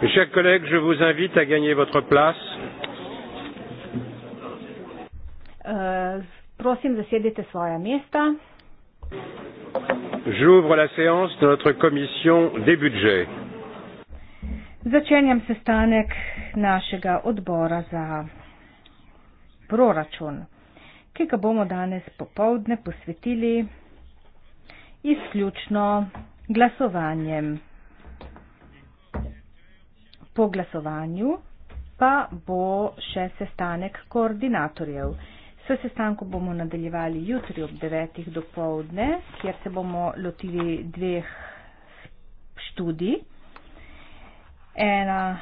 Mes chers collègues, je vous invite à gagner votre place. Euh, J'ouvre la séance de notre commission des budgets. Začenjam sestanek našega odbora za proračun, ki ga bomo danes popovdne posvetili izključno glasovanjem. Po glasovanju pa bo še sestanek koordinatorjev. S sestanku bomo nadaljevali jutri ob 9. do povdne, kjer se bomo lotili dveh študij ena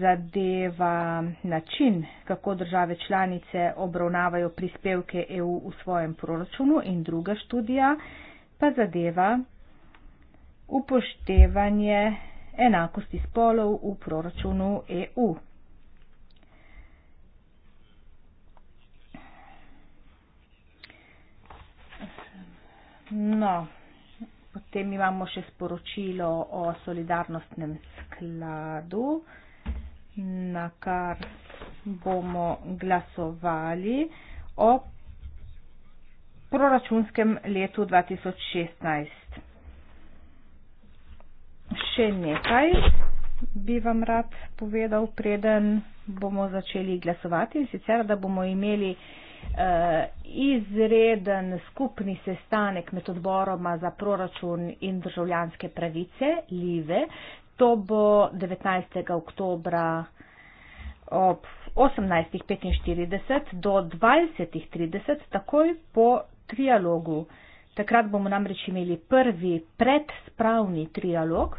zadeva način, kako države članice obravnavajo prispevke EU v svojem proračunu in druga študija pa zadeva upoštevanje enakosti spolov v proračunu EU. No, Potem imamo še sporočilo o solidarnostnem skladu, na kar bomo glasovali o proračunskem letu 2016. Še nekaj bi vam rad povedal, preden bomo začeli glasovati in sicer, da bomo imeli Eh, izreden skupni sestanek med odboroma za proračun in državljanske pravice, Live. To bo 19. oktober ob 18.45 do 20.30, takoj po trialogu. Takrat bomo namreč imeli prvi predspravni trialog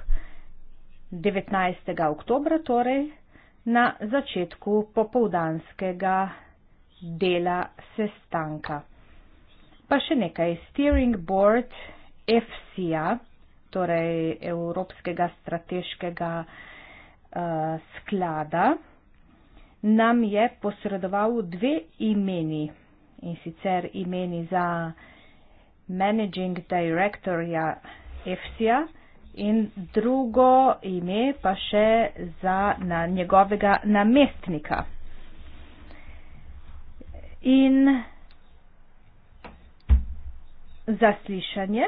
19. oktober, torej na začetku popovdanskega dela sestanka. Pa še nekaj, Steering Board FCA, torej Evropskega strateškega uh, sklada, nam je posredoval dve imeni in sicer imeni za Managing Directorja FCA in drugo ime pa še za na njegovega namestnika in zaslišanje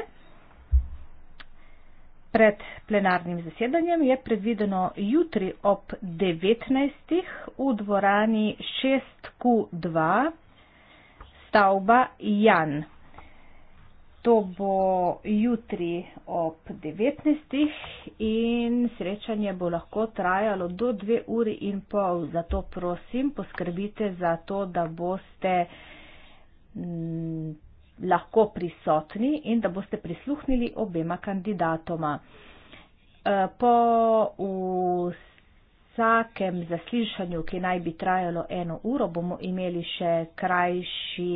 pred plenarnim zasedanjem je predvideno jutri ob 19. v dvorani 6Q2 stavba Jan. To bo jutri ob 19. in srečanje bo lahko trajalo do 2 uri in pol. Zato prosim, poskrbite za to, da boste mm, lahko prisotni in da boste prisluhnili obema kandidatoma. E, po vsakem zaslišanju, ki naj bi trajalo eno uro, bomo imeli še krajši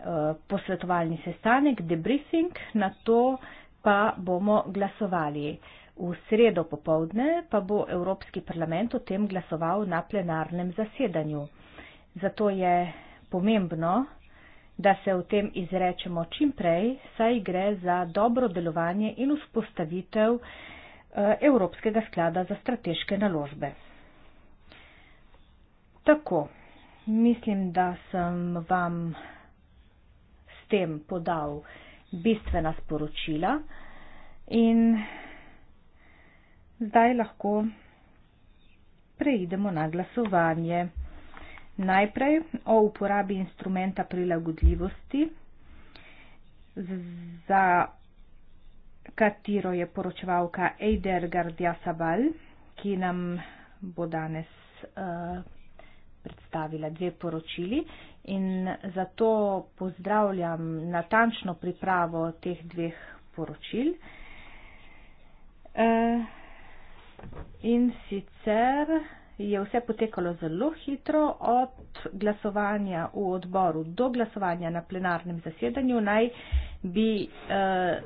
Eh, posvetovalni sestanek, debriefing, na to pa bomo glasovali. V sredo popovdne pa bo Evropski parlament o tem glasoval na plenarnem zasedanju. Zato je pomembno, da se o tem izrečemo čim prej, saj gre za dobro delovanje in vzpostavitev eh, Evropskega sklada za strateške naložbe. Tako, mislim, da sem vam tem podal bistvena sporočila in zdaj lahko preidemo na glasovanje. Najprej o uporabi instrumenta prilagodljivosti, za katero je poročevalka Eider Gardia Sabal, ki nam bo danes uh, predstavila dve poročili in zato pozdravljam natančno pripravo teh dveh poročil. Eh, in sicer je vse potekalo zelo hitro od glasovanja v odboru do glasovanja na plenarnem zasedanju. Naj bi eh,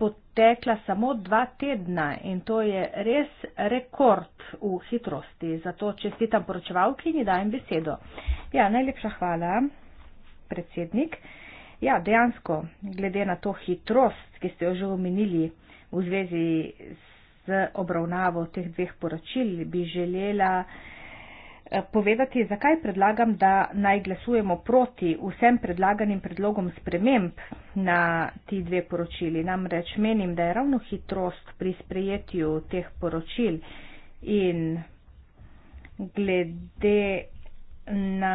potekla samo dva tedna in to je res rekord v hitrosti. Zato čestitam poročevalki in dajem besedo. Ja, najlepša hvala, predsednik. Ja, dejansko, glede na to hitrost, ki ste jo že omenili v zvezi z obravnavo teh dveh poročil, bi želela. Eh, povedati, zakaj predlagam, da naj glasujemo proti vsem predlaganim predlogom sprememb na ti dve poročili. Namreč menim, da je ravno hitrost pri sprejetju teh poročil in glede na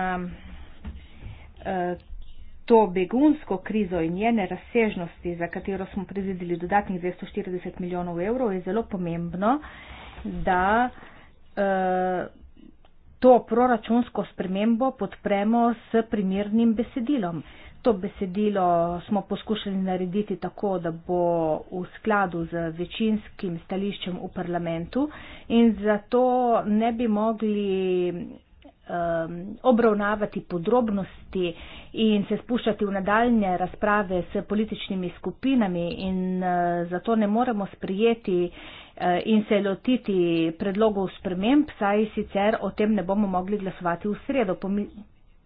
eh, to begunsko krizo in njene razsežnosti, za katero smo predvideli dodatnih 240 milijonov evrov, je zelo pomembno, da eh, to proračunsko spremembo podpremo s primernim besedilom. To besedilo smo poskušali narediti tako, da bo v skladu z večinskim stališčem v parlamentu in zato ne bi mogli um, obravnavati podrobnosti in se spuščati v nadaljne razprave s političnimi skupinami in uh, zato ne moremo sprijeti uh, in se lotiti predlogov sprememb, saj sicer o tem ne bomo mogli glasovati v sredo. Pomi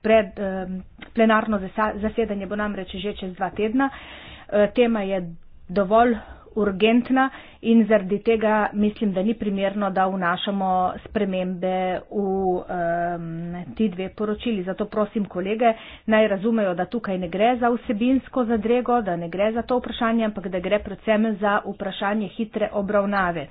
pred um, plenarno zasedanje bo namreč že čez dva tedna. Uh, tema je dovolj urgentna in zaradi tega mislim, da ni primerno, da vnašamo spremembe v um, ti dve poročili. Zato prosim kolege, naj razumejo, da tukaj ne gre za vsebinsko zadrego, da ne gre za to vprašanje, ampak da gre predvsem za vprašanje hitre obravnave.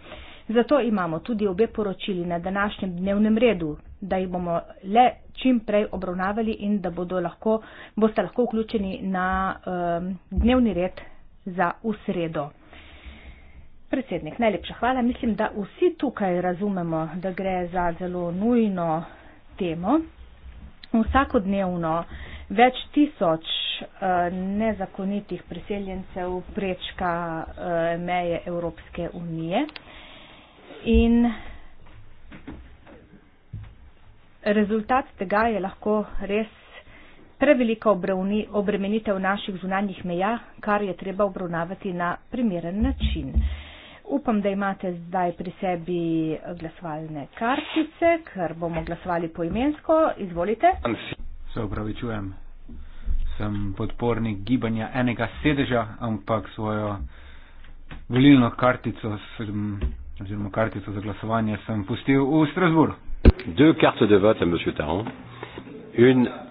Zato imamo tudi obe poročili na današnjem dnevnem redu, da jih bomo le čim prej obravnavali in da lahko, boste lahko vključeni na um, dnevni red za usredo. Predsednik, najlepša hvala. Mislim, da vsi tukaj razumemo, da gre za zelo nujno temo. Vsakodnevno več tisoč eh, nezakonitih priseljencev prečka eh, meje Evropske unije in rezultat tega je lahko res prevelika obremenitev naših zunanjih meja, kar je treba obravnavati na primeren način. Upam, da imate zdaj pri sebi glasovalne kartice, ker bomo glasovali poimensko. Izvolite. Se upravičujem, sem podpornik gibanja enega sedeža, ampak svojo volilno kartico, sem, oziroma kartico za glasovanje, sem pustil v Strasburu. Dve karte za vote, monsieur Taron. Une...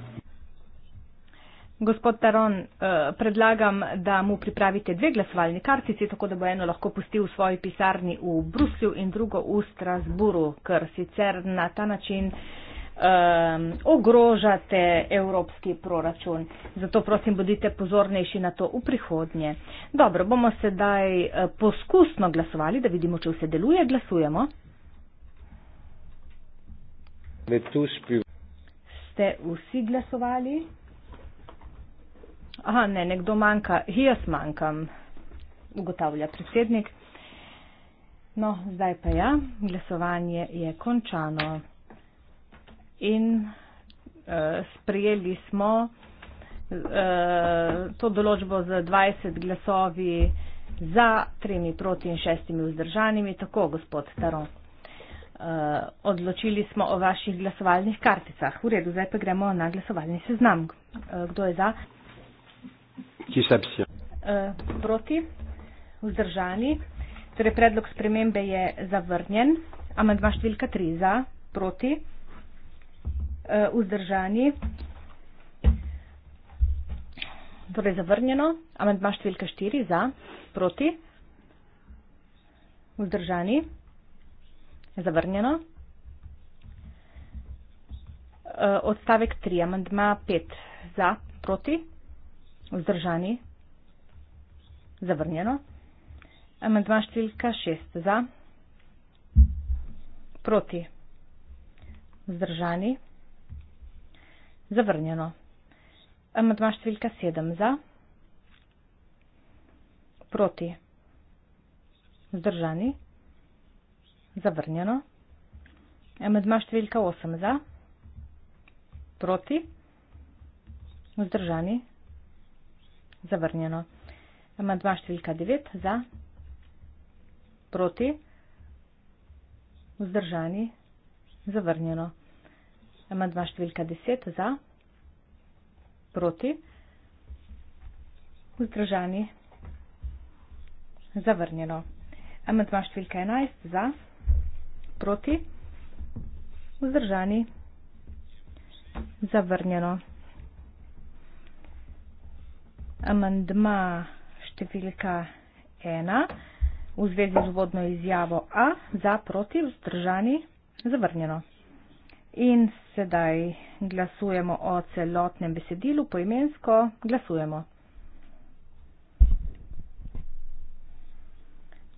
Gospod Taron, eh, predlagam, da mu pripravite dve glasovalni kartici, tako da bo eno lahko pustil v svoji pisarni v Bruslju in drugo v Strasburu, ker sicer na ta način um, ogrožate evropski proračun. Zato prosim, bodite pozornejši na to v prihodnje. Dobro, bomo sedaj eh, poskusno glasovali, da vidimo, če vse deluje. Glasujemo. Ste vsi glasovali? Aha, ne, nekdo manjka, jaz manjkam, ugotavlja predsednik. No, zdaj pa ja, glasovanje je končano in uh, sprejeli smo uh, to določbo z 20 glasovi za, tremi proti in šestimi vzdržanimi, tako gospod Taron. Uh, odločili smo o vaših glasovalnih karticah. V redu, zdaj pa gremo na glasovalni seznam. Uh, kdo je za? ki s'abstient. Eh, proti, vzdržani, torej predlog spremembe je zavrnjen, amandma številka 3 za, proti, eh, vzdržani, torej zavrnjeno, amandma številka 4 za, proti, vzdržani, zavrnjeno, eh, odstavek 3, amandma 5 za, proti, vzdržani, Vzdržani? Zavrnjeno. Amendma številka 6. Za? Proti. Vzdržani? Zavrnjeno. Amendma številka 7. Za? Proti. Vzdržani? Zavrnjeno. Amendma številka 8. Za? Proti. Vzdržani? Zavrnjeno. Zavrnjeno. Amandma številka 9 za, proti, vzdržani, zavrnjeno. Amandma številka 10 za, proti, vzdržani, zavrnjeno. Amandma številka 11 za, proti, vzdržani, zavrnjeno amandma številka 1 v zvezi z vodno izjavo A za proti vzdržani zavrnjeno. In sedaj glasujemo o celotnem besedilu poimensko. Glasujemo.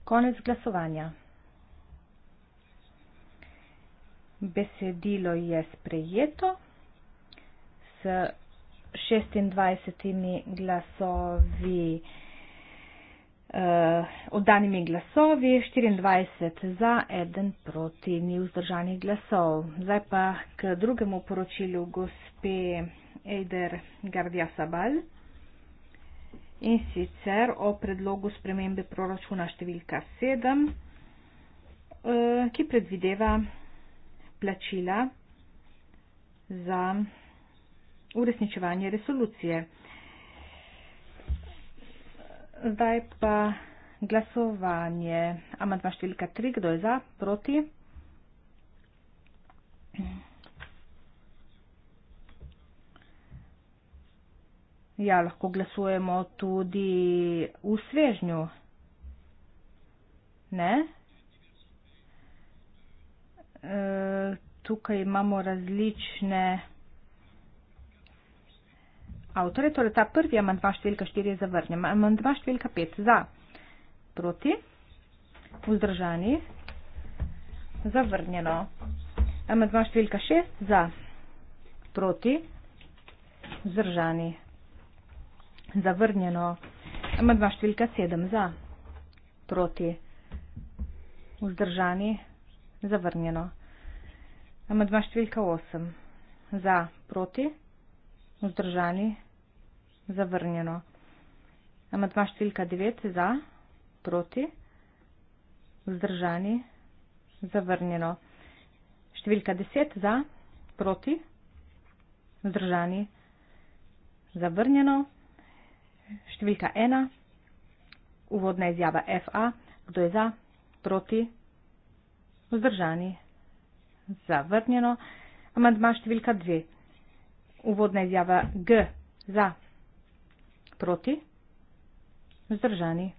Konec glasovanja. Besedilo je sprejeto s 26 glasovi, eh, oddanimi glasovi, 24 za, 1 proti, ni vzdržanih glasov. Zdaj pa k drugemu poročilu gospe Eider Gardia Sabal in sicer o predlogu spremembe proračuna številka 7, eh, ki predvideva plačila za uresničevanje resolucije. Zdaj pa glasovanje. Amandma številka 3, kdo je za, proti? Ja, lahko glasujemo tudi v svežnju. Ne? E, tukaj imamo različne avtore, torej ta prvi amandma številka 4 zavrnjem, amandma številka 5 za, proti, vzdržani, zavrnjeno, amandma številka 6 za, proti, vzdržani, zavrnjeno, amandma številka 7 za, proti, vzdržani, zavrnjeno, amandma številka 8 za, proti, vzdržani, zavrnjeno, Zavrnjeno. Amatma številka 9 za, proti, vzdržani, zavrnjeno. Številka 10 za, proti, vzdržani, zavrnjeno. Številka 1, uvodna izjava FA, kdo je za, proti, vzdržani, zavrnjeno. Amatma številka 2, uvodna izjava G za, proti, proti, vzdržani,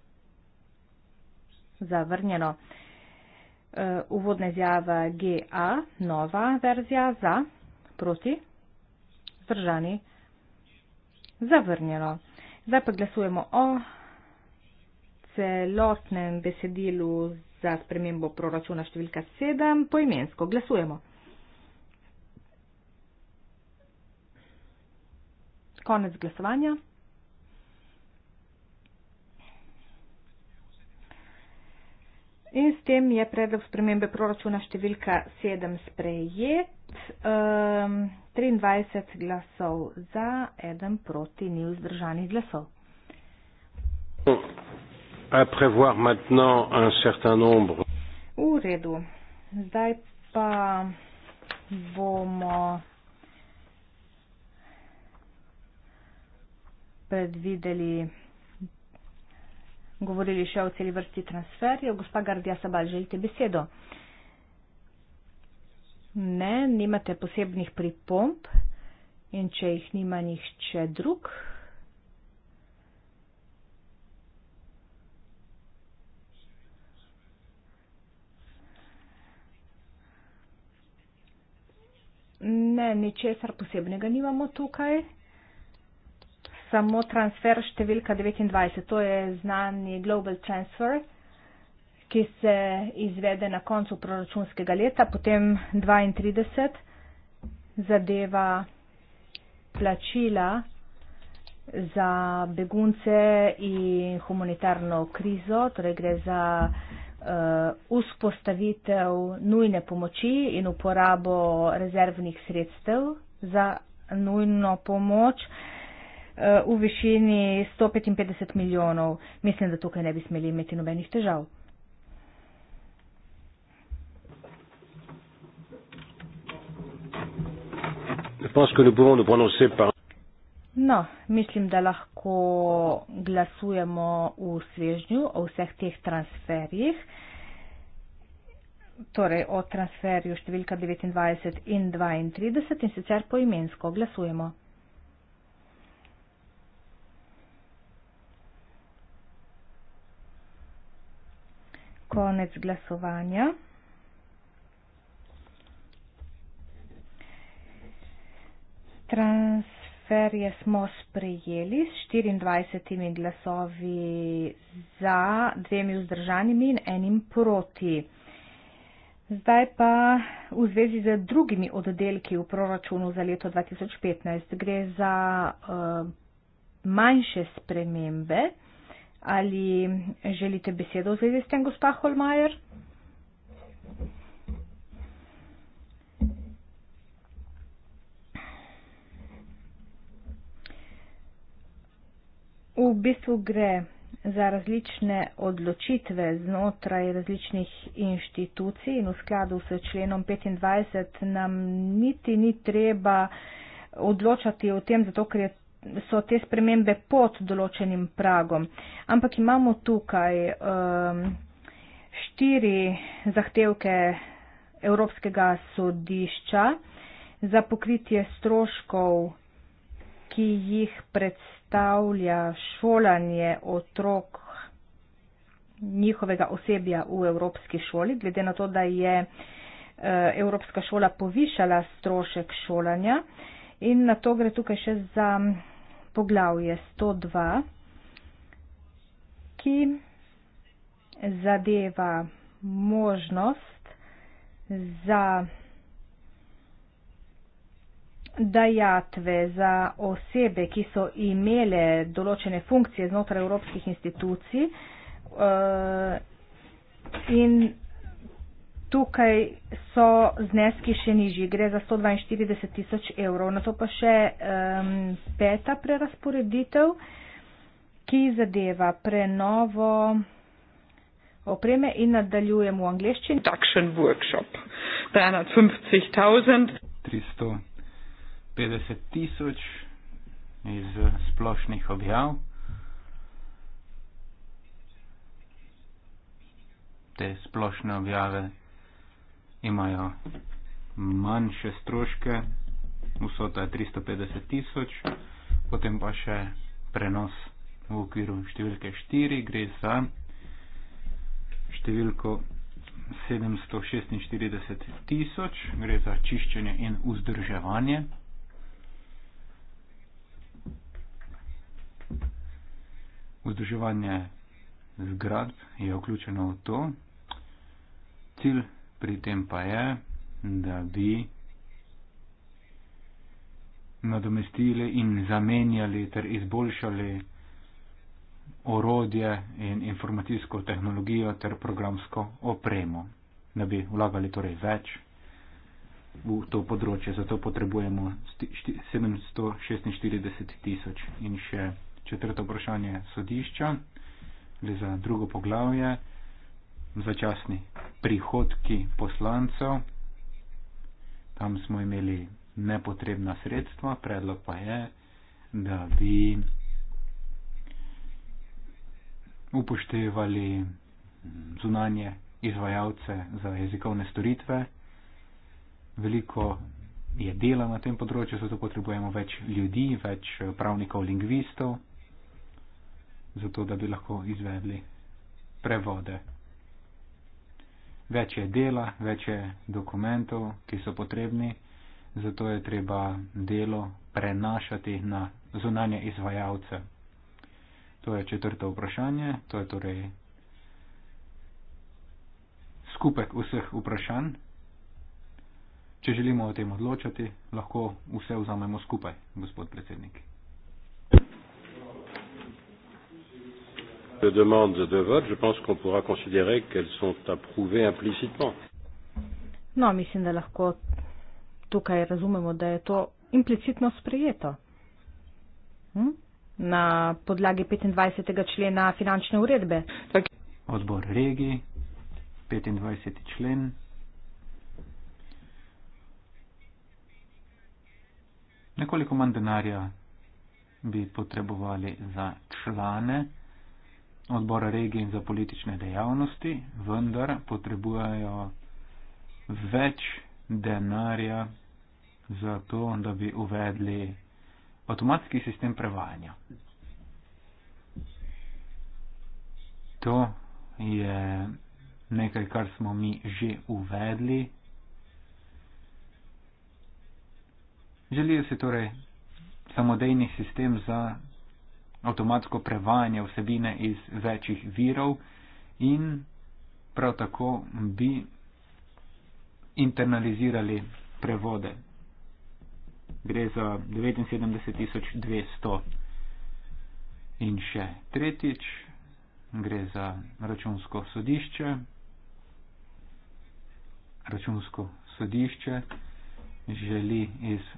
zavrnjeno. E, uvodna izjava GA, nova verzija za, proti, vzdržani, zavrnjeno. Zdaj pa glasujemo o celotnem besedilu za spremembo proračuna številka 7 poimensko. Glasujemo. Konec glasovanja. In s tem je predlog spremembe proračuna številka 7 sprejet. Um, ehm, 23 glasov za, 1 proti ni vzdržanih glasov. V redu. Zdaj pa bomo predvideli govorili še o celi vrsti transferjev. Gospa Gardija Sabal, želite besedo? Ne, nimate posebnih pripomp in če jih nima nihče drug. Ne, ničesar posebnega nimamo tukaj samo transfer številka 29, to je znani global transfer, ki se izvede na koncu proračunskega leta, potem 32 zadeva plačila za begunce in humanitarno krizo, torej gre za uh, vzpostavitev nujne pomoči in uporabo rezervnih sredstev za nujno pomoč. Uh, Eh, v višini 155 milijonov. Mislim, da tukaj ne bi smeli imeti nobenih težav. No, mislim, da lahko glasujemo v svežnju o vseh teh transferjih. Torej, o transferju številka 29 in 32 in sicer poimensko glasujemo. konec glasovanja. Transferje smo sprejeli s 24 glasovi za, dvemi vzdržanimi in enim proti. Zdaj pa v zvezi z drugimi oddelki v proračunu za leto 2015 gre za uh, manjše spremembe. Ali želite besedo v zvezi s tem, gospa Holmajer? V bistvu gre za različne odločitve znotraj različnih inštitucij in v skladu s členom 25 nam niti ni treba odločati o tem, zato ker je so te spremembe pod določenim pragom, ampak imamo tukaj um, štiri zahtevke Evropskega sodišča za pokritje stroškov, ki jih predstavlja šolanje otrok njihovega osebja v Evropski šoli, glede na to, da je eh, Evropska šola povišala strošek šolanja. In na to gre tukaj še za poglavje 102, ki zadeva možnost za dajatve za osebe, ki so imele določene funkcije znotraj evropskih institucij eh, in tukaj so zneski še nižji, gre za 142 tisoč evrov. Na to pa še um, peta prerasporeditev, ki zadeva prenovo opreme in nadaljujem v angliščini. Takšen workshop. 350 tisoč iz splošnih objav. Te splošne objave imajo manjše stroške, vsota je 350 tisoč, potem pa še prenos v okviru številke 4, gre za številko 746 tisoč, gre za čiščenje in vzdrževanje. Vzdrževanje zgrad je vključeno v to. Cilj pri tem pa je, da bi nadomestili in zamenjali ter izboljšali orodje in informacijsko tehnologijo ter programsko opremo, da bi vlagali torej več v to področje. Zato potrebujemo 746 tisoč. In še četrto vprašanje sodišča, le za drugo poglavje začasni prihodki poslancev. Tam smo imeli nepotrebna sredstva, predlog pa je, da bi upoštevali zunanje izvajalce za jezikovne storitve. Veliko je dela na tem področju, zato potrebujemo več ljudi, več pravnikov, lingvistov, zato da bi lahko izvedli prevode več je dela, več je dokumentov, ki so potrebni, zato je treba delo prenašati na zunanje izvajalce. To je četrto vprašanje, to je torej skupek vseh vprašanj. Če želimo o tem odločati, lahko vse vzamemo skupaj, gospod predsednik. de demandes de vote, je pense qu'on pourra considérer qu'elles sont approuvées implicitement. No, mislim, da lahko tukaj razumemo, da je to implicitno sprejeto. Hm? Na podlagi 25. člena finančne uredbe. Tak. Odbor regi, 25. člen. Nekoliko manj denarja bi potrebovali za člane odbora regij in za politične dejavnosti, vendar potrebujejo več denarja za to, da bi uvedli avtomatski sistem prevajanja. To je nekaj, kar smo mi že uvedli. Želijo se torej samodejni sistem za avtomatsko prevajanje vsebine iz večjih virov in prav tako bi internalizirali prevode. Gre za 79.200. In še tretjič, gre za računsko sodišče. Računsko sodišče želi iz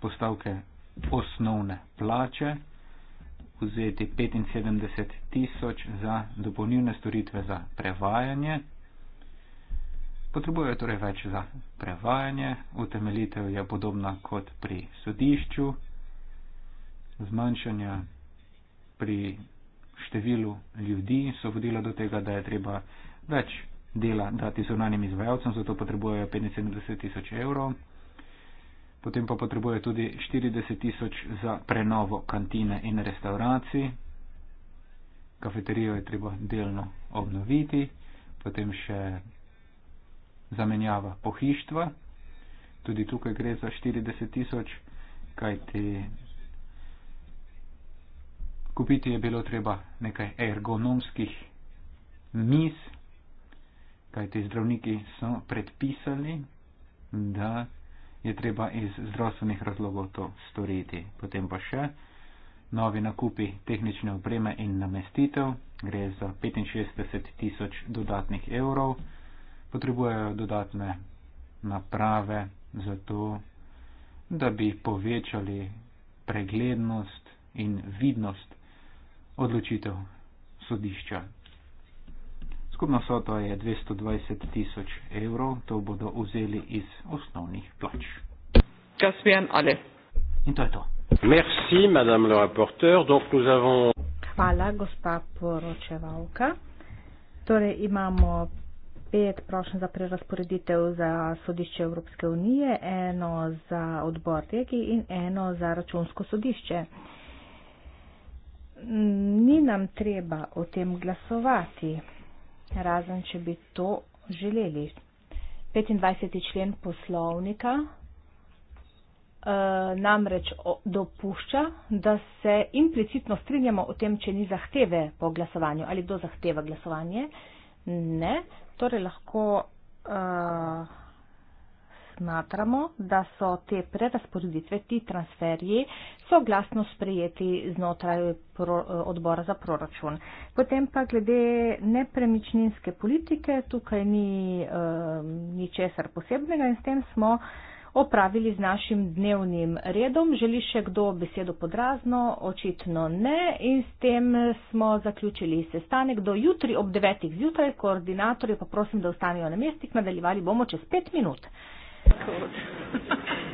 postavke osnovne plače vzeti 75 tisoč za dopolnilne storitve za prevajanje. Potrebujejo torej več za prevajanje, utemeljitev je podobna kot pri sodišču, zmanjšanja pri številu ljudi so vodila do tega, da je treba več dela dati zunanim izvajalcem, zato potrebujejo 75 tisoč evrov potem pa potrebuje tudi 40 tisoč za prenovo kantine in restauracij, kafeterijo je treba delno obnoviti, potem še zamenjava pohištva, tudi tukaj gre za 40 tisoč, kajti kupiti je bilo treba nekaj ergonomskih mis, kajti zdravniki so predpisali, da je treba iz zdravstvenih razlogov to storiti. Potem pa še novi nakupi tehnične opreme in namestitev, gre za 65 tisoč dodatnih evrov, potrebujejo dodatne naprave za to, da bi povečali preglednost in vidnost odločitev sodišča. Skupna sota je 220 tisoč evrov, to bodo vzeli iz osnovnih plač. Kaspijan ali. In to je to. Merci, madame le rapporteur. Donc nous avons... Hvala, gospa poročevalka. Torej imamo pet prošen za prerasporeditev za sodišče Evropske unije, eno za odbor regij in eno za računsko sodišče. Ni nam treba o tem glasovati razen če bi to želeli. 25. člen poslovnika eh, namreč dopušča, da se implicitno strinjamo o tem, če ni zahteve po glasovanju ali kdo zahteva glasovanje. Ne, torej lahko. Eh, smatramo, da so te prerasporeditve, ti transferji, soglasno sprejeti znotraj odbora za proračun. Potem pa glede nepremičninske politike, tukaj ni um, ničesar posebnega in s tem smo opravili z našim dnevnim redom. Želi še kdo besedo podrazno? Očitno ne. In s tem smo zaključili sestanek do jutri ob devetih zjutraj. Koordinatorje pa prosim, da ostanejo na mestih. Nadaljevali bomo čez pet minut. Tako.